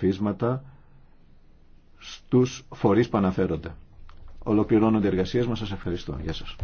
φύσματα στους φορείς που αναφέρονται. Ολοκληρώνονται οι εργασίες μας. Σας ευχαριστώ. Γεια σας.